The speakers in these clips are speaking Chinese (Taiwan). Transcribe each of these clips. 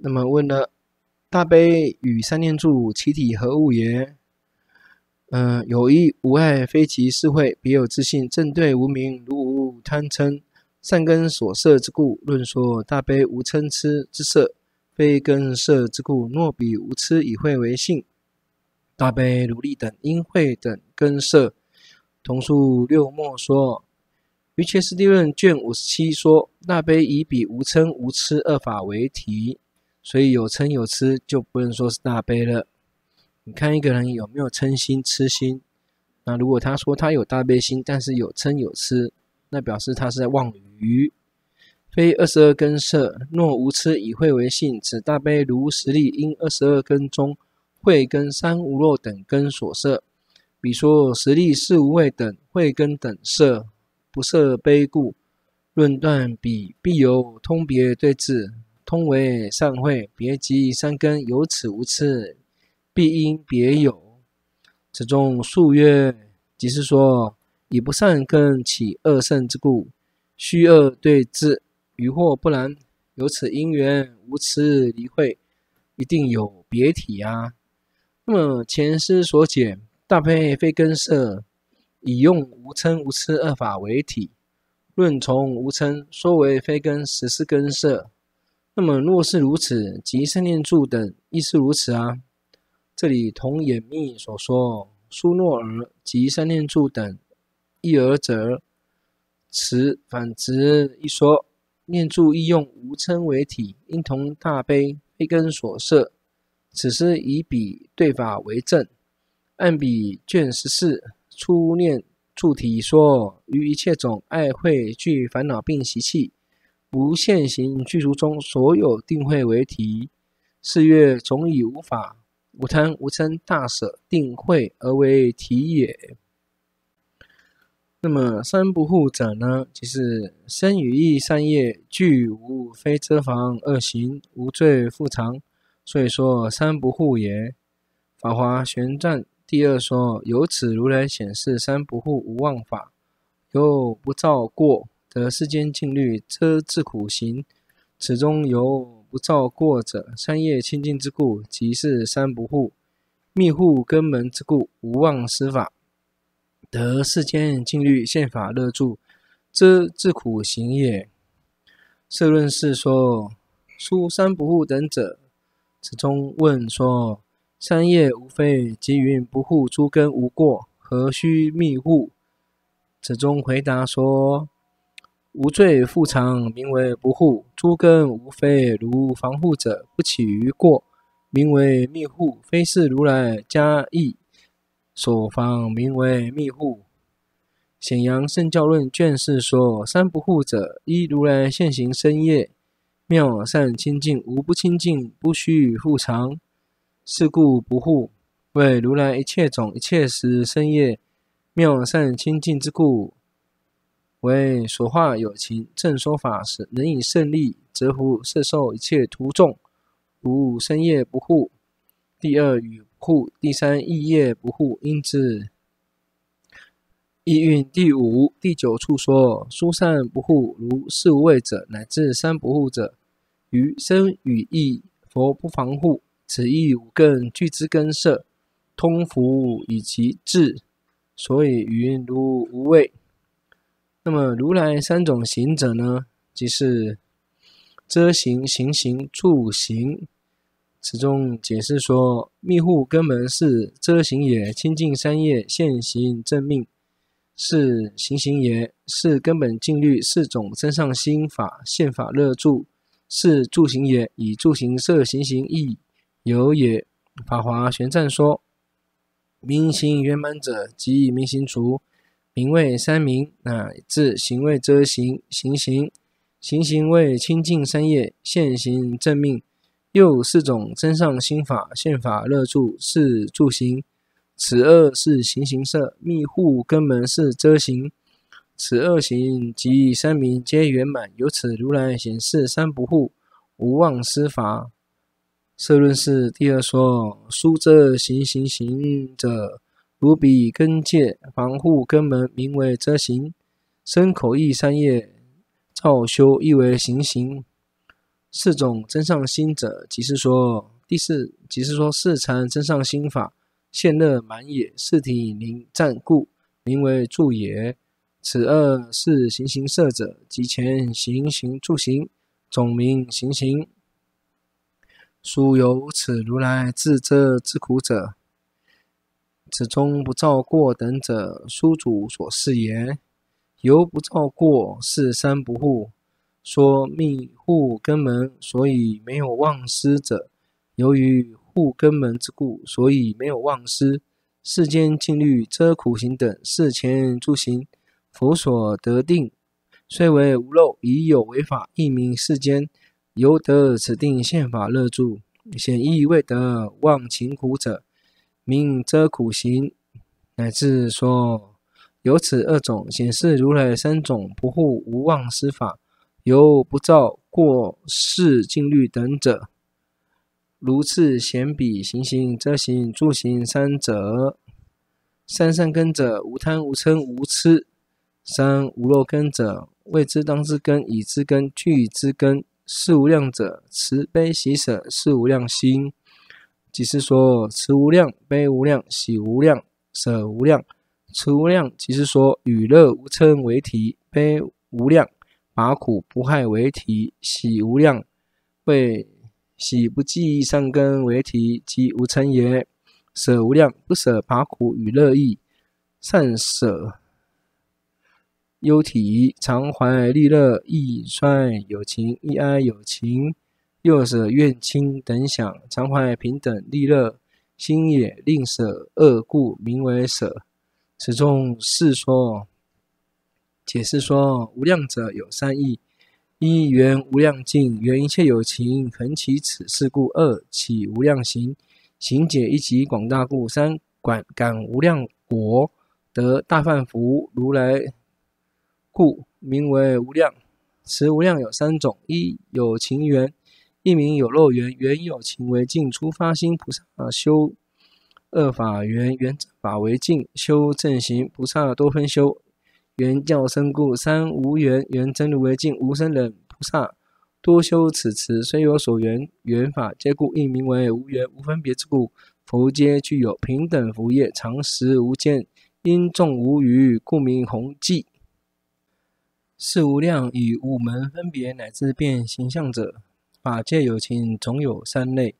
那麼問了：大悲與三念住其體何物也？嗯、呃，有意無愛，非即是慧，別有自性，正對無明，如無貪嗔，善根所攝之故。論說大悲無嗔痴之攝，非根攝之故。若彼無痴，以慧為性。大悲如力等因慧等根攝。同述六末說。瑜伽師地論卷五十七說：大悲以彼無嗔無痴二法為體。所以有嗔有痴就不能說是大悲了。你看一個人有沒有嗔心、痴心？那如果他說他有大悲心，但是有嗔有痴，那表示他是在妄語。非二十二根攝，若無痴以慧為性，此大悲如實力，因二十二根中慧根三無漏等根所攝。比說實力四無畏等慧根等攝，不攝悲故，論斷比必有通別對治，通為善慧，別即三根有此無次，必因別有。此中數曰，即是說以不善根起惡勝之故，虛惡對治，餘惑不然。由此因緣，無此離慧，一定有別體啊。那麼前師所解，大悲非根攝，以用無瞋無痴二法為體，論從無瞋說為非根十四根攝。那麼若是如此，即三念住等亦是如此啊。這裡同演祕所說，蘇諾爾及三念住等一而則此，反之，一說。念住亦用無稱為體，因同大悲黑根所攝。此是以彼對法為證，按彼卷十四初念住體說，於一切種愛會懼、具煩惱病習氣。無現行具足中所有定慧為體是曰總以無法無貪無嗔大舍定慧而為體也。那麼三不護者呢？即是身語意三業具無非遮防，惡行無罪覆藏，所以說三不護也。《法華玄贊》第二說：由此如來顯示三不護無忘法，又不造過。得世間盡律，遮自苦行，此中由不造過者，三業清淨之故，即是三不護，密護根門之故，無忘失法，得世間盡律，現法樂住，遮自苦行也。攝論士說，書三不護等者，此中問說，三業無非即云不護諸根無過，何須密護？此中回答說。無罪復償，名為不護；諸根無非如防護者，不起於過，名為密護。非是如來加意所防，名為密護。顯揚聖教論卷四說：三不護者，一如來現行身業、妙善清淨，無不清淨，不須復償。是故不護，為如來一切種一切時身業妙善清淨之故。為所化有情正說法時能以勝力，折伏攝受一切徒眾，如身業不護；第二語不護，第三意業不護，因之。意運。第五、第九處說，疏散不護，如是無畏者乃至三不護者，於身語意，佛不防護，此義無更具之根設，通服以其智，所以雲如無畏。那麼，如來三種行者呢，即是遮行、行行、住行。此中解釋說，密護根門是遮行也；清淨三業現行正命是行行也；是根本禁律四種增上心法現法樂住是住行也。以住行攝行行意，有也。法華玄贊說，明行圓滿者即，即以明行除。名謂三明，乃至行為遮行，行行行行為清淨三業現行正命，又四種增上心法，現法樂住是住行，此二是行行，攝密護根門是遮行。此二行即三明皆圓滿，由此如來顯示三不護，無忘失法。攝論釋第二說，書者行行行者。如彼根界防護根門，名為遮行；身口意三業造修，亦為行行。四種增上心者，即是說第四，即是說四禪增上心法現樂滿也。四體凝暫故，名為住也。此二是行行色者，即前行行住行，總名行行。書有此如來自遮自苦者。此中不造過等者，書主所示言。由不造過，是三不護。說密護根門，所以沒有忘失者，由於護根門之故，所以沒有忘失。世間禁律遮苦行等，是前諸行。佛所得定，雖為無漏，已有違法，一名世間。由得此定，現法樂住，顯亦未得忘情苦者。命遮苦行，乃至說由此二種，顯示如來三種不護無忘失法，由不造過世禁律等者，如次顯比行行遮行住行三者，三善根者無貪無嗔無痴，三無漏根者未知當知根已知根已知根具已知根四無量者慈悲喜舍四無量心。即是說，慈無量、悲無量、喜無量、捨無量。慈無量即是說，與樂無瞋為體；悲無量，拔苦不害為體；喜無量，為喜不計善根為體。即無瞋也。捨無量不捨拔苦與樂意，善捨憂體，常懷利樂，一串有情，一安有情。又舍怨親等想，常懷平等利樂心也，令舍惡故，名為舍。此中是說，解釋說無量者有三義：一緣無量境，緣一切有情，恆起此事故二；二起無量行，行解一即廣大故三；三感無量果，得大梵福，如來故名為無量。此無量有三種：一有情緣。一名有漏緣，緣有情為境，初發心菩薩修。二法緣，緣法為境，修正行菩薩多分修緣，緣教生故。三無緣，緣真如為境，無生忍。菩薩多修此慈。雖有所緣，緣法皆故，亦名為無緣，無分別之故。佛皆具有平等福業，常時無間，因眾無餘，故名弘濟。是無量與五門分別乃至變形象者。法界有情總有三類：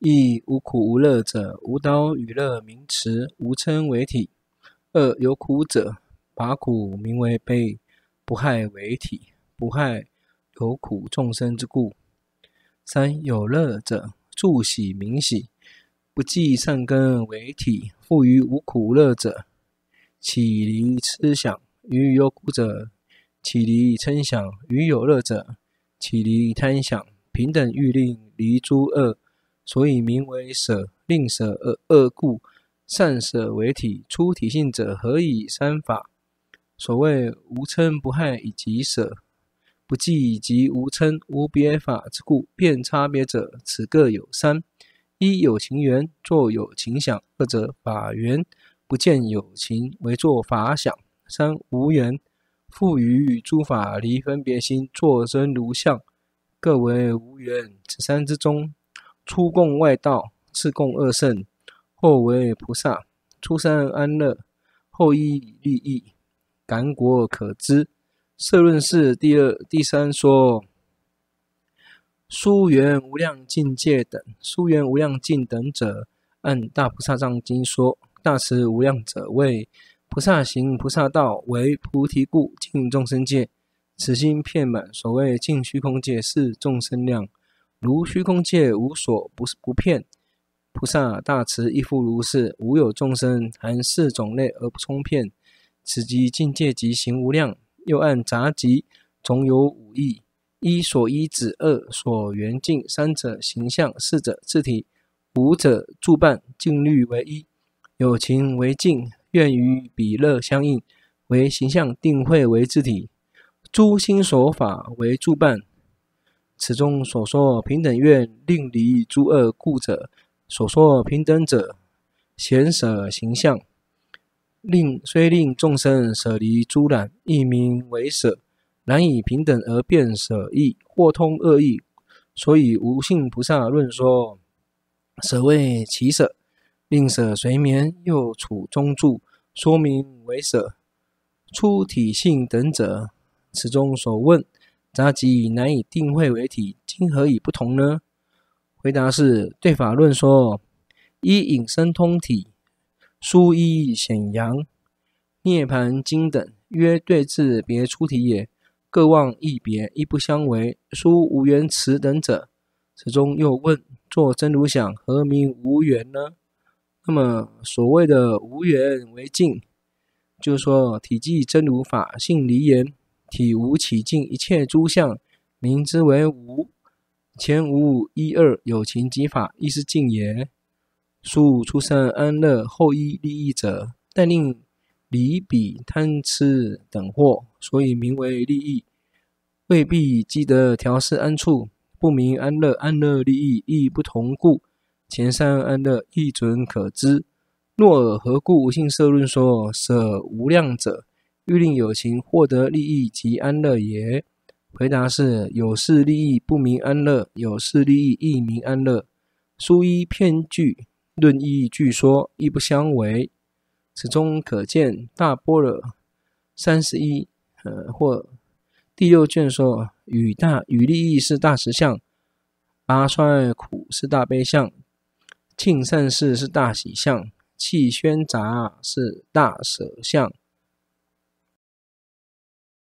一無苦無樂者，無刀與樂名慈，無瞋為體；二有苦者，拔苦名為悲，不害為體，不害有苦眾生之故；三有樂者，助喜名喜，不嫉善根為體。復於無苦樂者，起離癡想；於有苦者，起離嗔想；於有樂者，起離貪想。平等欲令離諸惡，所以名為捨，令捨惡惡故，善捨為體。出體性者，何以三法？所謂無瞋不害，以及捨不計，以及無瞋無別法之故。辨差別者，此各有三：一有情緣，作有情想；二者法緣，不見有情，為作法想；三無緣，賦予與諸法離分別心，作真如相。各為無緣，此三之中，初共外道，次共二聖，後為菩薩，初生安樂，後一利益，感果可知。攝論是第二、第三說，殊緣無量境界等，殊緣無量境等者，按大菩薩藏經說，大慈無量者為菩薩行菩薩道，為菩提故盡眾生界。此心遍滿，所謂盡虛空界是眾生量，如虛空界無所不不遍。菩薩大慈亦復如是，無有眾生含識種類而不充遍。此即境界及行無量。又按雜集總有五義：一、所依止；二、所緣境；三者形象；四者自體；五者助伴。靜慮為依，有情為境，願與彼樂相應，為形象，定慧為自體，諸心所法為助伴，此中所說平等願令離諸惡故者，所說平等者，顯捨形象，令雖令眾生捨離諸染，亦名為捨，難以平等而變捨義，或通惡意，所以無性菩薩論說，捨謂其捨，令捨隨眠又處中住，說名為捨，出體性等者。此中所問，雜集以難以定會為體，今何以不同呢？回答是對法論說：一隱身通體，疏一顯揚，涅槃經等，約對治別出體也。各望一別，一不相違，疏無緣慈等者，此中又問：作真如想，何名無緣呢？那麼所謂的無緣為淨，就是說體寂真如法，法性離言。體無起境，一切諸相名之為無。前五五一二有情及法，亦是盡也。數出善安樂，後一利益者，但令離彼貪痴等惑，所以名為利益。未必積得調適安處，不明安樂，安樂利益亦不同故。前三安樂亦準可知。若爾何故無性攝論說捨無量者？欲令有情獲得利益及安樂也，回答是有事利益不明安樂，有事利益亦明安樂。疏一篇句論意，俱說亦不相違。此中可見大般若三十一。呃，或第六卷說，與大與利益是大慈相，拔衰苦是大悲相，慶善事是大喜相，棄喧雜是大舍相。